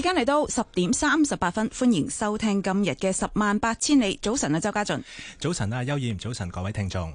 而家嚟到十點三十八分，歡迎收聽今日嘅十萬八千里。早晨啊，周家俊。早晨啊，邱燕。早晨，各位聽眾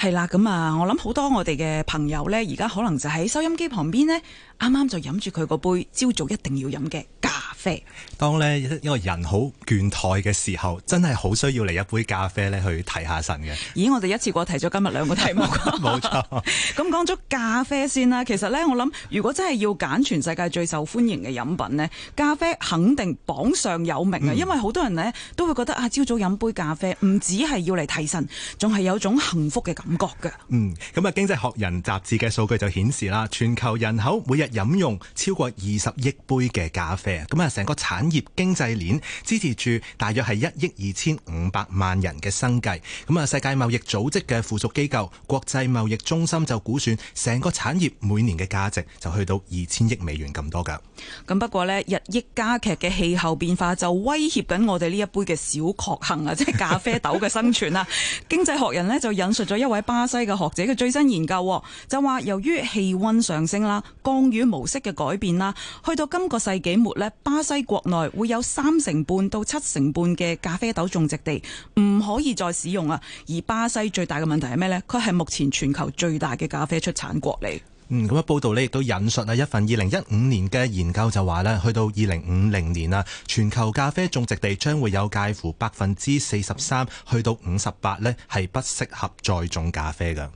係啦，咁啊，我諗好多我哋嘅朋友呢，而家可能就喺收音機旁邊呢，啱啱就飲住佢個杯，朝早一定要飲嘅咖啡。當呢，因為人好倦怠嘅時候，真係好需要嚟一杯咖啡咧去提下神嘅。咦，我哋一次過提咗今日兩個題目。冇錯 錯。咁講咗咖啡先啦，其實呢，我諗如果真係要揀全世界最受歡迎嘅飲品呢。咖啡肯定榜上有名啊，因為好多人咧都會覺得啊，朝早飲杯咖啡唔止係要嚟提神，仲係有種幸福嘅感覺嘅。嗯，咁啊，《經濟學人》雜誌嘅數據就顯示啦，全球人口每日飲用超過二十億杯嘅咖啡，咁啊，成個產業經濟鏈支持住大約係一億二千五百萬人嘅生計。咁啊，世界貿易組織嘅附屬機構國際貿易中心就估算，成個產業每年嘅價值就去到二千億美元咁多噶。咁不過咧，日益加劇嘅氣候變化就威脅緊我哋呢一杯嘅小確幸啊，即係咖啡豆嘅生存啦。 經濟學人呢就引述咗一位巴西嘅學者嘅最新研究，就話由於氣温上升啦、降雨模式嘅改變啦，去到今個世紀末呢，巴西國內會有三成半到七成半嘅咖啡豆種植地唔可以再使用啊。而巴西最大嘅問題係咩呢？佢係目前全球最大嘅咖啡出產國嚟。嗯，咁嘅報道呢，亦都引述啊一份二零一五年嘅研究就話咧，去到二零五零年啊，全球咖啡種植地將會有介乎百分之四十三去到五十八呢，係不適合再種咖啡㗎。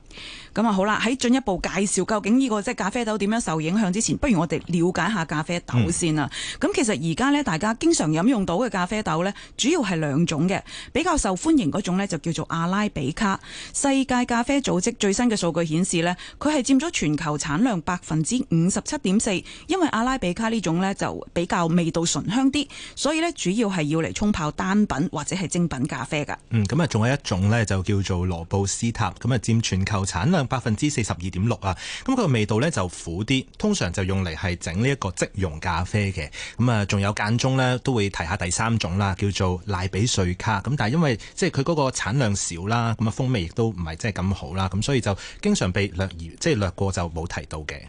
咁啊好啦，喺進一步介紹究竟呢個即咖啡豆點樣受影響之前，不如我哋了解下咖啡豆先啦。咁、嗯、其實而家呢，大家經常飲用到嘅咖啡豆呢，主要係兩種嘅，比較受歡迎嗰種呢，就叫做阿拉比卡。世界咖啡組織最新嘅數據顯示呢，佢係佔咗全球產量百分之五十七點四。因為阿拉比卡呢種呢，就比較味道醇香啲，所以呢，主要係要嚟沖泡單品或者係精品咖啡㗎。嗯，咁啊仲有一種呢，就叫做羅布斯塔，咁啊佔全球產量百分之四十二點六啊，咁佢個味道呢就苦啲，通常就用嚟係整呢一個即溶咖啡嘅。咁啊，仲有間中呢都會提下第三種啦，叫做賴比瑞卡。咁但係因為即係佢嗰個產量少啦，咁啊風味亦都唔係即係咁好啦，咁所以就經常被略即、即係、略過就冇提到嘅。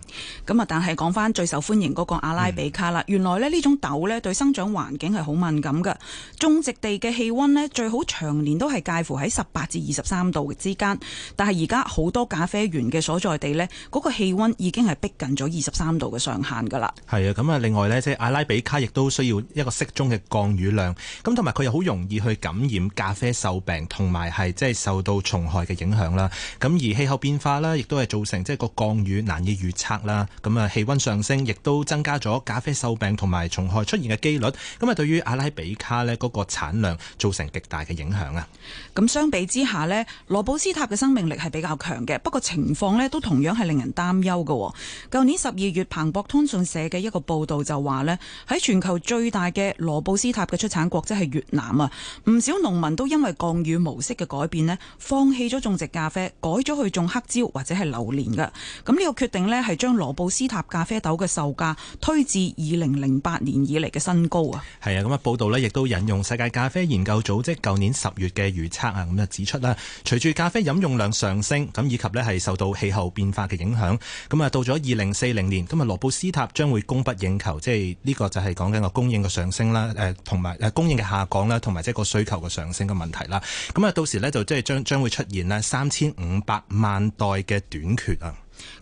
咁啊，但係講翻最受歡迎嗰個阿拉比卡啦，嗯、原來呢，呢種豆呢對生長環境係好敏感嘅，種植地嘅氣温呢，最好長年都係介乎喺十八至二十三度之間。但係而家好多假，咖啡園嘅所在地呢，嗰、那個氣温已經係逼近咗二十三度嘅上限㗎啦。係啊，咁啊，另外呢，即係阿拉比卡亦都需要一個適中嘅降雨量，咁同埋佢又好容易去感染咖啡鏽病同埋係即係受到蟲害嘅影響啦。咁而氣候變化啦，亦都係造成即係個降雨難以預測啦。咁啊，氣温上升亦都增加咗咖啡鏽病同埋蟲害出現嘅機率。咁啊，對於阿拉比卡呢嗰個產量造成極大嘅影響啊。咁相比之下呢，羅布斯塔嘅生命力係比較強嘅，不過，情況呢都同樣係令人擔憂嘅。舊年十二月，彭博通訊社嘅一個報導就話呢，喺全球最大嘅羅布斯塔嘅出產國即係、就是、越南啊，唔少農民都因為降雨模式嘅改變呢，放棄咗種植咖啡，改咗去種黑椒或者係榴蓮噶。咁、這、呢個決定呢，係將羅布斯塔咖啡豆嘅售價推至二零零八年以嚟嘅新高啊。係啊，咁嘅報導呢，亦都引用世界咖啡研究組織舊年十月嘅預測啊，咁就指出啦，隨住咖啡飲用量上升，咁以及咧係受到氣候變化嘅影響，咁啊到咗二零四零年，咁啊羅布斯塔將會供不應求，即係呢個就係講緊個供應嘅上升啦，誒同埋誒供應嘅下降啦，同埋即係個需求嘅上升嘅問題啦，咁啊到時咧就即係將將會出現咧三千五百萬袋嘅短缺啦。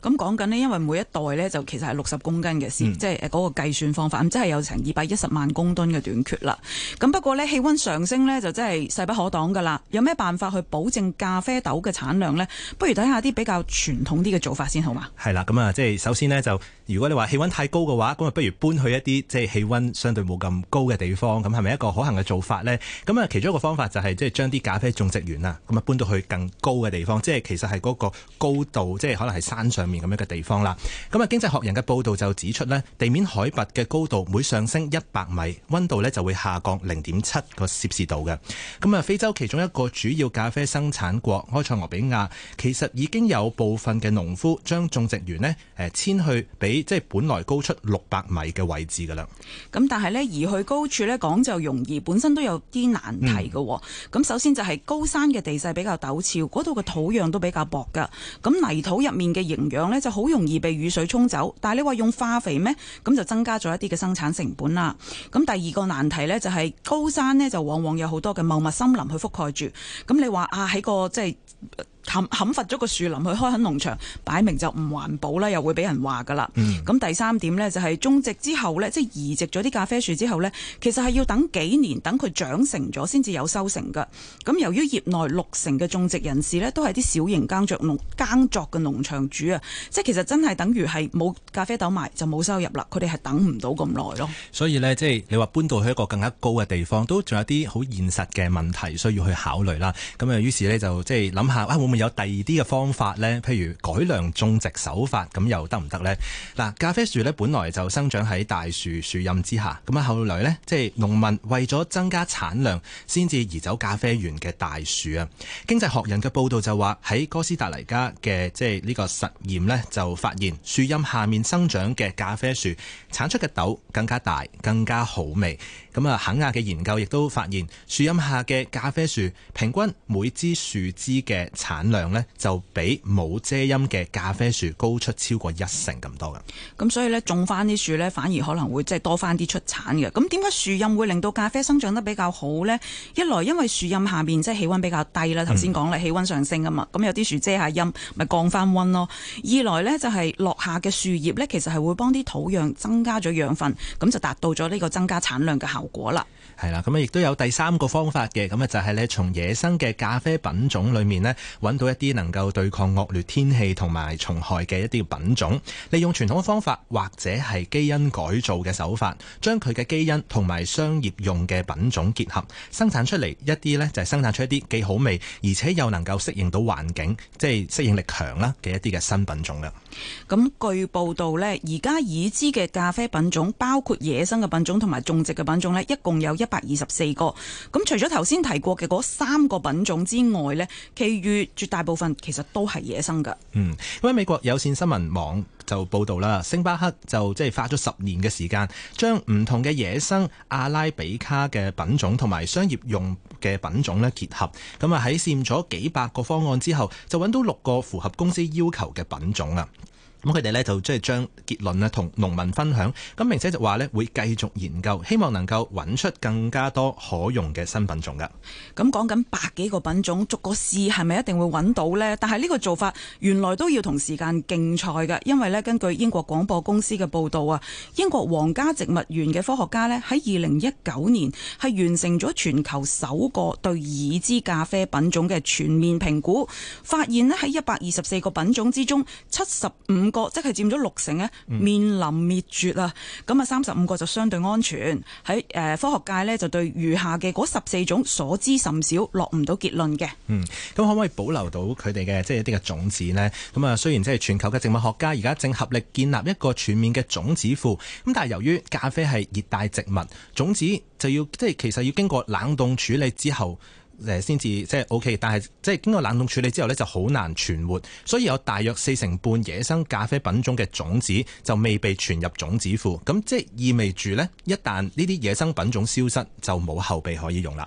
咁講緊呢因為每一袋呢就其實係六十公斤嘅事，嗯、即係誒嗰個計算方法，咁即係有成二百一十萬公噸嘅短缺啦。咁不過呢氣溫上升呢就真係勢不可擋噶啦。有咩辦法去保證咖啡豆嘅產量呢，不如睇下啲比較傳統啲嘅做法先好嘛？係啦，咁啊，即係首先呢就如果你話氣溫太高嘅話咁啊，不如搬去一啲即係氣溫相對冇咁高嘅地方，咁係咪一個可行嘅做法呢？咁啊，其中一個方法就係即係將啲咖啡種植園啊，咁啊搬到去更高嘅地方，即係其實係嗰個高度，即係可能係山上面咁樣嘅地方啦，咁啊，經濟學人嘅報道就指出呢，地面海拔嘅高度每上升一百米，温度呢就會下降零點七個攝氏度嘅。咁啊，非洲其中一個主要咖啡生產國——埃塞俄比亞，其實已經有部分嘅農夫將種植園呢誒遷去比即係本來高出六百米嘅位置噶啦。咁但係呢，移去高處呢講就容易，本身都有啲難題噶。咁首先就係高山嘅地勢比較陡峭，嗰度嘅土壤都比較薄噶。咁泥土入面嘅營養呢就好容易被雨水沖走，但係你話用化肥咩？咁就增加咗一啲嘅生產成本啦。咁第二個難題呢，就係高山呢，就往往有好多嘅茂密森林去覆蓋住。咁你話啊喺個即係。砍砍伐咗個樹林去開墾農場，擺明就唔環保啦，又會俾人話噶啦。咁、嗯、第三點呢，就係種植之後呢，即係移植咗啲咖啡樹之後呢，其實係要等幾年，等佢長成咗先至有收成噶。咁由於業內六成嘅種植人士呢，都係啲小型耕作農耕作嘅農場主啊，即係其實真係等於係冇咖啡豆賣就冇收入啦。佢哋係等唔到咁耐咯。所以呢，即係你話搬到去一個更加高嘅地方，都仲有啲好現實嘅問題需要去考慮啦。咁啊，於是呢，就即諗下啊，會有第二啲嘅方法呢，譬如改良種植手法，咁又得唔得呢？嗱，咖啡樹呢，本來就生長喺大樹樹蔭之下，咁啊，後來呢，即係農民為咗增加產量，先至移走咖啡園嘅大樹啊。經濟學人嘅報道就話，喺哥斯達黎加嘅即係呢個實驗呢，就發現樹蔭下面生長嘅咖啡樹，產出嘅豆更加大，更加好味。咁啊，肯亞嘅研究亦都發現，樹蔭下嘅咖啡樹平均每支樹枝嘅產量呢，就比冇遮陰嘅咖啡樹高出超過一成咁多嘅。咁所以呢，種翻啲樹呢，反而可能會即係多翻啲出產嘅。咁點解樹蔭會令到咖啡生長得比較好呢？一來因為樹蔭下面即係氣温比較低啦，頭先講啦，嗯、氣温上升啊嘛，咁有啲樹遮下陰，咪降翻温咯。二來呢，就係、是、落下嘅樹葉呢，其實係會幫啲土壤增加咗養分，咁就達到咗呢個增加產量嘅效果。果啦，係啦，咁啊，亦都有第三個方法嘅，咁啊，就係咧，從野生嘅咖啡品種裏面呢，揾到一啲能夠對抗惡劣天氣同埋蟲害嘅一啲品種，利用傳統嘅方法或者係基因改造嘅手法，將佢嘅基因同埋商業用嘅品種結合，生產出嚟一啲呢，就係生產出一啲既好味而且又能夠適應到環境，即係適應力強啦嘅一啲嘅新品種啦。咁據報道呢，而家已知嘅咖啡品種包括野生嘅品種同埋種植嘅品種呢，一共有一百二十四個。咁除咗頭先提過嘅嗰三個品種之外呢，其餘絕大部分其實都係野生噶。嗯，咁美國有線新聞網就報道啦，星巴克就即係花咗十年嘅時間，將唔同嘅野生阿拉比卡嘅品種同埋商業用。嘅品種咧結合，咁啊喺試驗咗幾百個方案之後，就揾到六個符合公司要求嘅品種啦。咁佢哋呢就即係將結論呢同農民分享。咁並且就話呢會繼續研究，希望能夠揾出更加多可用嘅新品種嘅。咁講緊百幾個品種逐個試，係咪一定會揾到呢？但係呢個做法原來都要同時間競賽嘅，因為呢，根據英國廣播公司嘅報道啊，英國皇家植物園嘅科學家呢，喺二零一九年係完成咗全球首個對已知咖啡品種嘅全面評估，發現呢，喺一百二十四個品種之中，七十五。五個即係佔咗六成呢，面臨滅絕啊！咁啊，三十五個就相對安全。喺誒科學界呢，就對餘下嘅嗰十四種所知甚少，落唔到結論嘅。嗯，咁可唔可以保留到佢哋嘅即係一啲嘅種子呢？咁啊，雖然即係全球嘅植物學家而家正合力建立一個全面嘅種子庫，咁但係由於咖啡係熱帶植物，種子就要即係、就是、其實要經過冷凍處理之後。誒先至，OK，即係 O K，但係即係經過冷凍處理之後咧，就好難存活。所以有大約四成半野生咖啡品種嘅種子就未被傳入種子庫，咁即係意味住咧，一旦呢啲野生品種消失，就冇後備可以用啦。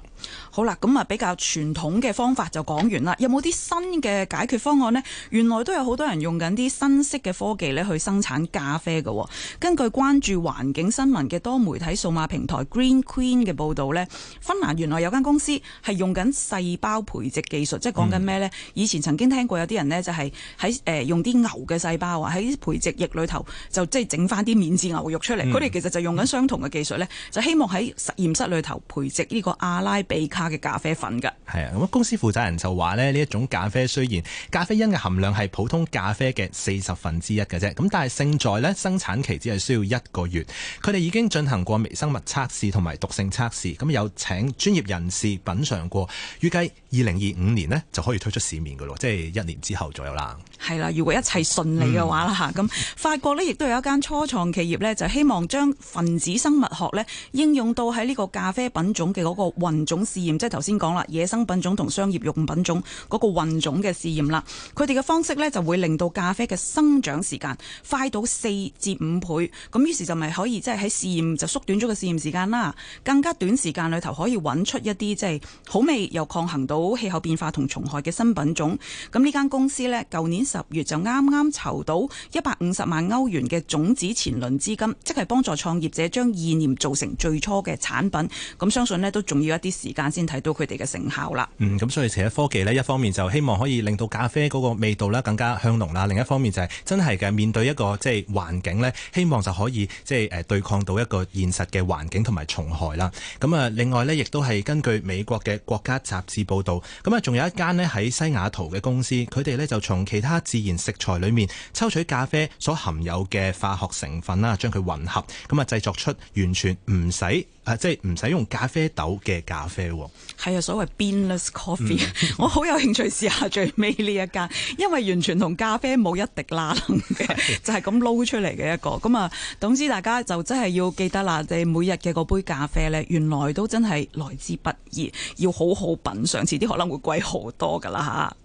好啦，咁，嗯，啊比較傳統嘅方法就講完啦。有冇啲新嘅解決方案咧？原來都有好多人用緊啲新式嘅科技咧去生產咖啡嘅，哦。根據關注環境新聞嘅多媒體數碼平台 Green Queen 嘅報道咧，芬蘭原來有間公司係用緊，緊細胞培植技術，即係講緊咩呢？嗯、以前曾經聽過有啲人呢就係喺誒用啲牛嘅細胞啊，喺培植液裏頭就即係整翻啲免治牛肉出嚟。佢哋、嗯、其實就用緊相同嘅技術呢，就希望喺實驗室裏頭培植呢個阿拉比卡嘅咖啡粉噶。係啊，咁公司負責人就話呢，呢一種咖啡雖然咖啡因嘅含量係普通咖啡嘅四十分之一嘅啫，咁但係勝在呢生產期只係需要一個月。佢哋已經進行過微生物測試同埋毒性測試，咁有請專業人士品嘗過。預計二零二五年就可以推出市面嘅咯，即係一年之後左右啦。係啦，如果一切順利嘅話啦吓，咁、嗯、法國呢亦都有一間初創企業呢，就希望將分子生物學呢應用到喺呢個咖啡品種嘅嗰個混種試驗，即係頭先講啦，野生品種同商業用品種嗰個混種嘅試驗啦。佢哋嘅方式呢，就會令到咖啡嘅生長時間快到四至五倍，咁於是就咪可以即係喺試驗就縮短咗個試驗時間啦，更加短時間裏頭可以揾出一啲即係好味。又抗衡到氣候變化同蟲害嘅新品種，咁呢間公司咧，舊年十月就啱啱籌到一百五十萬歐元嘅種子前輪資金，即係幫助創業者將意念做成最初嘅產品。咁相信咧都仲要一啲時間先睇到佢哋嘅成效啦。嗯，咁所以其實科技咧，一方面就希望可以令到咖啡嗰個味道啦更加香濃啦，另一方面就係真係嘅面對一個即係環境咧，希望就可以即係誒對抗到一個現實嘅環境同埋蟲害啦。咁啊，另外咧亦都係根據美國嘅國。家雜誌報導，咁啊，仲有一間呢喺西雅圖嘅公司，佢哋呢就從其他自然食材裏面抽取咖啡所含有嘅化學成分啦，將佢混合，咁啊，製作出完全唔使。即係唔使用咖啡豆嘅咖啡喎，係啊，所謂 beanless coffee，嗯、我好有興趣試下最尾呢一間，因為完全同咖啡冇一滴啦嘅，是的就係咁撈出嚟嘅一個。咁、嗯、啊，總之大家就真係要記得啦，你每日嘅嗰杯咖啡呢，原來都真係來之不易，要好好品嘗，遲啲可能會貴好多噶啦吓。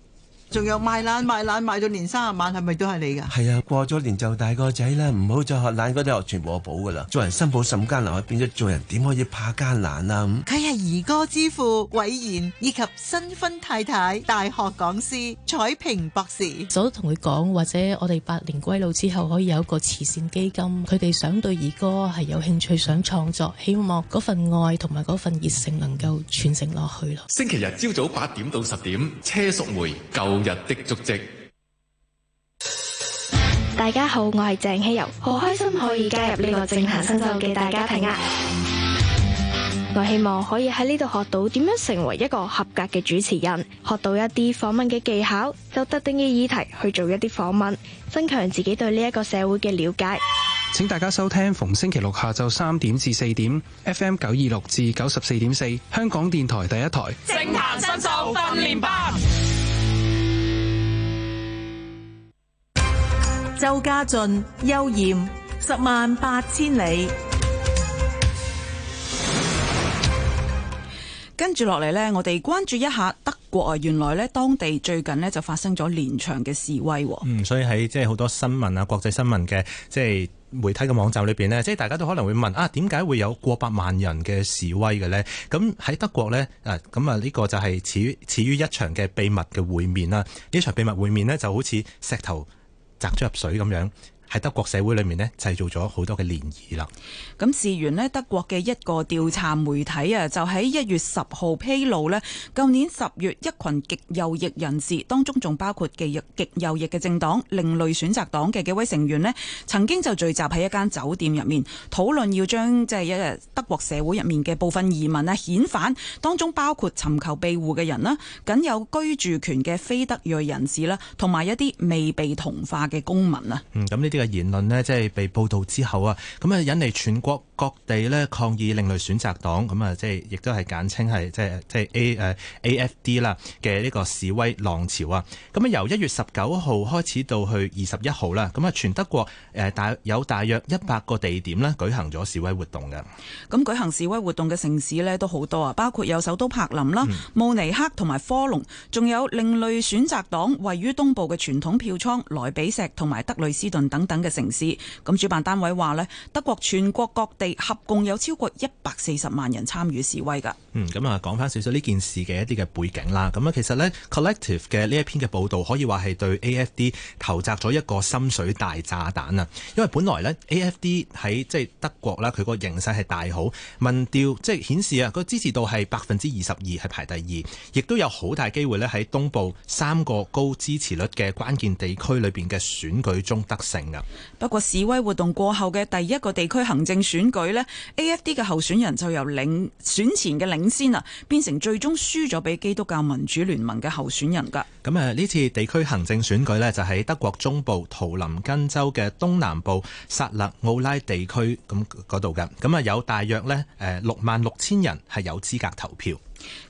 仲有賣懶賣懶賣，賣到年卅晚，係咪都係你㗎？係啊，過咗年就大個仔啦，唔好再懶懶那些學懶嗰啲，全部我補㗎啦。做人新抱，甚艱難，變咗做人點可以怕艱難啊？佢係兒歌之父韋然以及新婚太太大學講師彩萍博士，早都同佢講，或者我哋百年歸老之後，可以有一個慈善基金。佢哋想對兒歌係有興趣，想創作，希望嗰份愛同埋嗰份熱誠能夠傳承落去咯。星期日朝早八點到十點，車淑梅日的足跡。大家好，我係鄭希遊，好開心可以加入呢個政壇新秀嘅大家庭啊！我希望可以喺呢度學到點樣成為一個合格嘅主持人，學到一啲訪問嘅技巧，就特定嘅議題去做一啲訪問，增強自己對呢一個社會嘅了解。請大家收聽逢星期六下晝三點至四點，FM 九二六至九十四點四，香港電台第一台政壇新秀訓練班。周家俊、悠艷，十萬八千里。跟住落嚟呢，我哋關注一下德國啊！原來呢，當地最近呢，就發生咗連場嘅示威。嗯，所以喺即係好多新聞啊，國際新聞嘅即係媒體嘅網站裏邊呢，即係大家都可能會問「啊，點解會有過百萬人嘅示威嘅呢？」咁喺德國呢，啊，咁啊呢個就係始於始於一場嘅秘密嘅會面啦。呢場秘密會面呢，就好似石頭。擲咗入水咁樣，喺德國社會裏面咧，製造咗好多嘅漣漪啦。咁事源呢，德國嘅一個調查媒體啊，就喺一月十號披露呢，舊年十月，一群極右翼人士當中，仲包括極右極右翼嘅政黨另類選擇黨嘅幾位成員呢，曾經就聚集喺一間酒店入面，討論要將即係一德國社會入面嘅部分移民咧，遣返，當中包括尋求庇護嘅人啦，僅有居住權嘅非德裔人士啦，同埋一啲未被同化嘅公民啊。咁呢啲言論咧，即係被報道之後啊，咁啊引嚟全國各地咧抗議另類選擇黨，咁啊即係亦都係簡稱係即係即係 A 誒 A F D 啦嘅呢個示威浪潮啊！咁啊由一月十九號開始到去二十一號啦，咁啊全德國誒大有大約一百個地點咧舉行咗示威活動嘅。咁舉行示威活動嘅城市咧都好多啊，包括有首都柏林啦、慕尼黑同埋科隆，仲有另類選擇黨位於東部嘅傳統票倉萊比錫同埋德累斯頓等等。等嘅城市，咁主辦單位話呢，德國全國各地合共有超過一百四十萬人參與示威噶嗯，咁啊，講翻少少呢件事嘅一啲嘅背景啦。咁啊，其實呢 Collective 嘅呢一篇嘅報道，可以話係對 AFD 投擲咗一個深水大炸彈啊。因為本來呢 AFD 喺即係德國啦，佢個形勢係大好，民調即係、就是、顯示啊，個支持度係百分之二十二，係排第二，亦都有好大機會呢喺東部三個高支持率嘅關鍵地區裏邊嘅選舉中得勝。不過示威活動過後嘅第一個地區行政選舉呢，AFD 嘅候選人就由領選前嘅領先啊，變成最終輸咗俾基督教民主聯盟嘅候選人噶咁呢次地區行政選舉呢，就喺德國中部圖林根州嘅東南部薩勒奧拉地區咁嗰度噶咁啊，有大約呢，誒六萬六千人係有資格投票。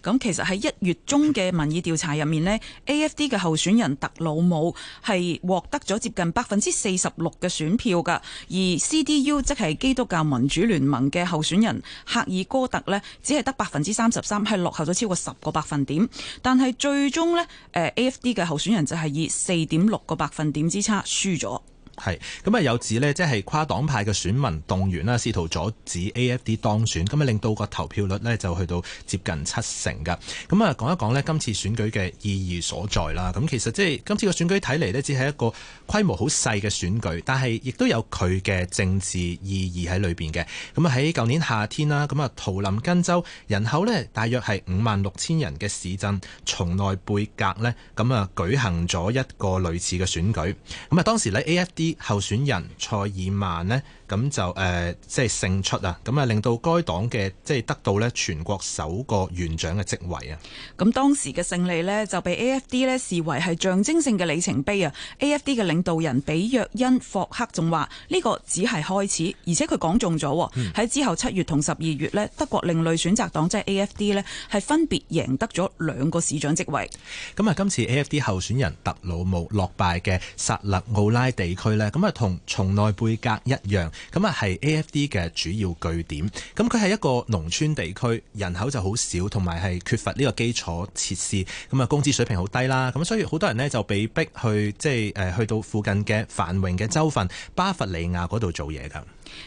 咁其實喺一月中嘅民意調查入面呢 A F D 嘅候選人特魯姆係獲得咗接近百分之四十六嘅選票噶，而 C D U 即係基督教民主聯盟嘅候選人赫爾哥特呢，只係得百分之三十三，係落後咗超過十個百分點。但係最終呢，誒 A F D 嘅候選人就係以四點六個百分點之差輸咗。係咁啊。有指呢，即係跨黨派嘅選民動員啦，試圖阻止 AFD 當選，咁啊令到個投票率呢就去到接近七成噶。咁啊，講一講呢，今次選舉嘅意義所在啦。咁其實即係今次個選舉睇嚟呢，只係一個規模好細嘅選舉，但係亦都有佢嘅政治意義喺裏邊嘅。咁啊，喺舊年夏天啦，咁啊，圖林根州人口呢，大約係五萬六千人嘅市鎮從內貝格呢，咁啊舉行咗一個類似嘅選舉。咁啊，當時呢 AFD 候選人塞爾曼呢？咁就誒、呃、即係勝出啊！咁啊，令到該黨嘅即係得到咧全國首個縣長嘅職位啊！咁當時嘅勝利咧，就被 A F D 咧視為係象徵性嘅里程碑啊！A F D 嘅領導人比約恩霍克仲話呢個只係開始，而且佢講中咗喎！喺、嗯、之後七月同十二月咧，德國另類選擇黨即係 A F D 咧，係分別贏得咗兩個市長職位。咁啊，今次 A F D 候選人特魯姆落敗嘅薩勒奧拉地區咧，咁啊，同從內貝格一樣。咁啊，係 AfD 嘅主要據點。咁佢係一個農村地區，人口就好少，同埋係缺乏呢個基礎設施。咁啊，工資水平好低啦。咁所以好多人呢就被逼去即係誒去到附近嘅繁榮嘅州份巴伐利亞嗰度做嘢㗎。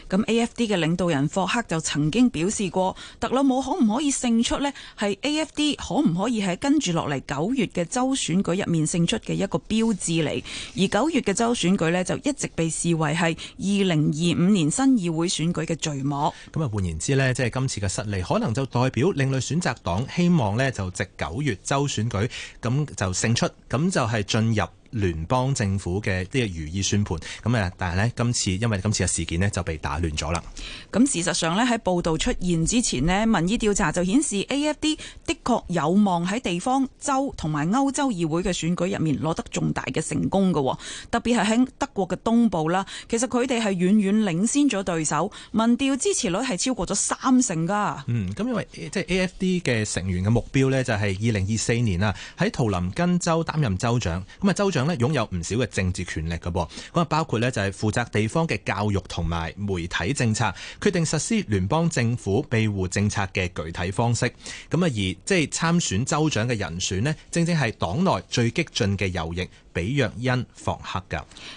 咁 A F D 嘅領導人霍克就曾經表示過，特朗普可唔可以勝出呢？係 A F D 可唔可以喺跟住落嚟九月嘅州選舉入面勝出嘅一個標誌嚟？而九月嘅州選舉呢，就一直被視為係二零二五年新議會選舉嘅序幕。咁啊，換言之呢，即係今次嘅失利，可能就代表另類選擇黨希望呢就值九月州選舉咁就勝出，咁就係進入。聯邦政府嘅呢個如意算盤咁誒，但係呢，今次因為今次嘅事件呢，就被打亂咗啦。咁事實上呢，喺報道出現之前呢，民意調查就顯示 A F D 的確有望喺地方州同埋歐洲議會嘅選舉入面攞得重大嘅成功嘅，特別係喺德國嘅東部啦。其實佢哋係遠遠領先咗對手，民調支持率係超過咗三成㗎。嗯，咁因為即係 A F D 嘅成員嘅目標呢，就係二零二四年啊，喺圖林根州擔任州長。咁啊州長。上擁有唔少嘅政治權力㗎噃，咁啊包括呢就係負責地方嘅教育同埋媒體政策，決定實施聯邦政府庇護政策嘅具體方式。咁啊而即係參選州長嘅人選呢，正正係黨內最激進嘅右翼。俾若恩霍克噶，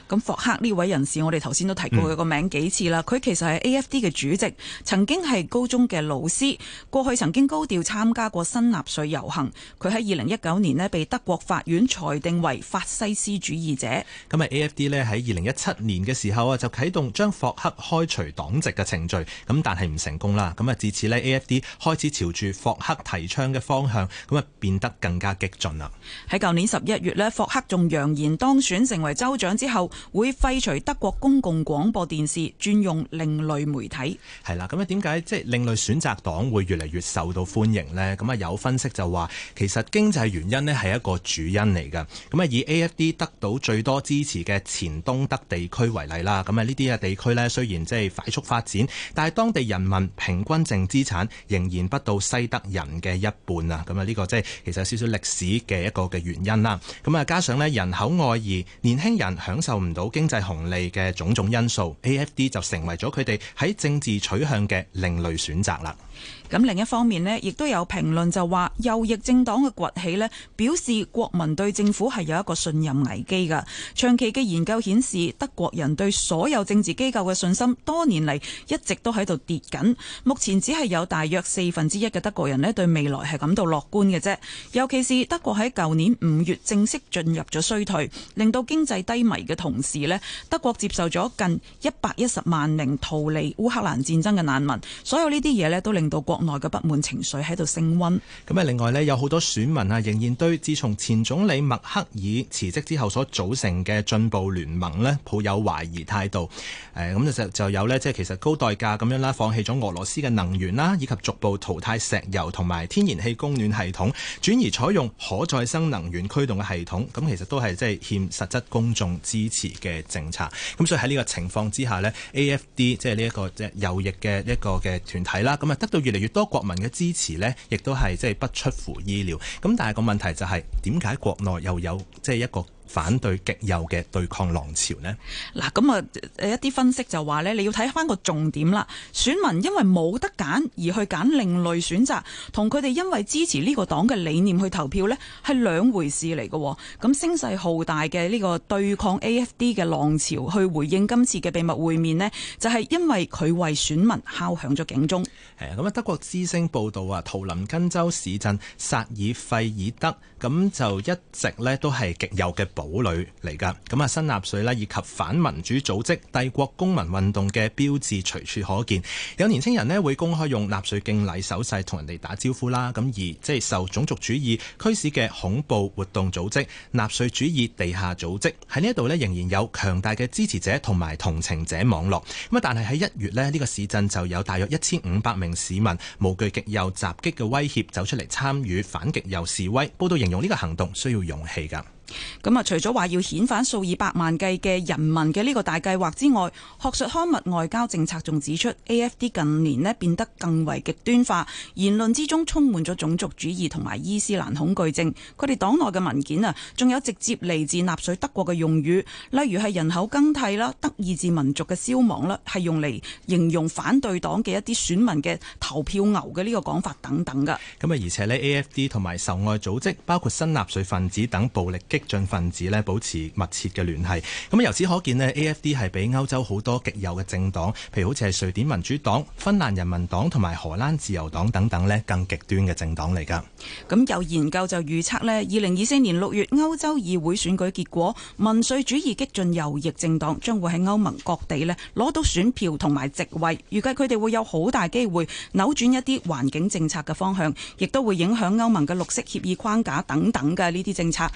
咁、嗯、霍克呢位人士，我哋頭先都提過佢個名字幾次啦。佢其實係 A F D 嘅主席，曾經係高中嘅老師，過去曾經高調參加過新納粹遊行。佢喺二零一九年呢，被德國法院裁定為法西斯主義者。咁啊，A F D 呢，喺二零一七年嘅時候啊，就啟動將霍克開除黨籍嘅程序，咁但係唔成功啦。咁啊，自此呢，A F D 開始朝住霍克提倡嘅方向，咁啊，變得更加激進啦。喺舊年十一月呢，霍克仲讓。然當選成為州長之後，會廢除德國公共廣播電視，轉用另類媒體。係啦，咁啊點解即係另類選擇黨會越嚟越受到歡迎呢？咁啊有分析就話，其實經濟原因咧係一個主因嚟㗎。咁啊以 AfD 得到最多支持嘅前東德地區為例啦，咁啊呢啲啊地區咧雖然即係快速發展，但係當地人民平均淨資產仍然不到西德人嘅一半啊。咁啊呢個即係其實有少少歷史嘅一個嘅原因啦。咁啊加上咧人口人口外移，年輕人享受唔到經濟紅利嘅種種因素，AFD 就成為咗佢哋喺政治取向嘅另類選擇啦。咁另一方面呢，亦都有評論就話右翼政黨嘅崛起呢，表示國民對政府係有一個信任危機噶。長期嘅研究顯示，德國人對所有政治機構嘅信心多年嚟，一直都喺度跌緊。目前只係有大約四分之一嘅德國人呢對未來係感到樂觀嘅啫。尤其是德國喺舊年五月正式進入咗衰退，令到經濟低迷嘅同時呢，德國接受咗近一百一十萬名逃離烏克蘭戰爭嘅難民。所有呢啲嘢，呢都令到國內嘅不滿情緒喺度升溫。咁啊，另外呢有好多選民啊，仍然對自從前總理默克爾辭職之後所組成嘅進步聯盟呢抱有懷疑態度。咁、嗯、就就有呢即係其實高代價咁樣啦，放棄咗俄羅斯嘅能源啦，以及逐步淘汰石油同埋天然氣供暖系統，轉而採用可再生能源驅動嘅系統。咁其實都係即係欠實質公眾支持嘅政策。咁所以喺呢個情況之下呢，AFD，即係呢一個即係右翼嘅一個嘅團體啦。咁啊，得到越嚟越多國民嘅支持呢，亦都係即係不出乎意料。咁但係個問題就係，點解國內又有即係一個反對極右嘅對抗浪潮呢？嗱，咁啊，一啲分析就話咧，你要睇翻個重點啦。選民因為冇得揀而去揀另類選擇，同佢哋因為支持呢個黨嘅理念去投票咧，係兩回事嚟嘅。咁聲勢浩大嘅呢個對抗 AFD 嘅浪潮，去回應今次嘅秘密會面咧，就係、是、因為佢為選民敲響咗警鐘誒。咁啊，德國之聲報道啊，圖林根州市鎮薩爾費爾德咁就一直咧都係極右嘅堡女嚟噶。咁啊，新納粹啦，以及反民主組織、帝國公民運動嘅標誌，隨處可見。有年輕人呢，會公開用納粹敬禮手勢同人哋打招呼啦。咁而即係受種族主義驅使嘅恐怖活動組織、納粹主義地下組織喺呢一度呢，仍然有強大嘅支持者同埋同情者網絡。咁啊，但係喺一月呢，呢個市鎮就有大約一千五百名市民無懼極右襲擊嘅威脅，走出嚟參與反極右示威。報道形容呢個行動需要勇氣噶。咁啊，除咗話要遣返數以百萬計嘅人民嘅呢個大計劃之外，學術刊物外交政策仲指出，AFD 近年呢變得更為極端化，言論之中充滿咗種族主義同埋伊斯蘭恐懼症。佢哋黨內嘅文件啊，仲有直接嚟自納粹德國嘅用語，例如係人口更替啦、德意志民族嘅消亡啦，係用嚟形容反對黨嘅一啲選民嘅投票牛嘅呢個講法等等噶。咁啊，而且呢 AFD 同埋仇外組織，包括新納粹分子等暴力激。激進分子咧保持密切嘅聯繫，咁由此可見咧，AFD 係比歐洲好多極右嘅政黨，譬如好似係瑞典民主黨、芬蘭人民黨同埋荷蘭自由黨等等咧，更極端嘅政黨嚟噶。咁有研究就預測呢二零二四年六月歐洲議會選舉結果，民粹主義激進右翼政黨將會喺歐盟各地咧攞到選票同埋席位，預計佢哋會有好大機會扭轉一啲環境政策嘅方向，亦都會影響歐盟嘅綠色協議框架等等嘅呢啲政策。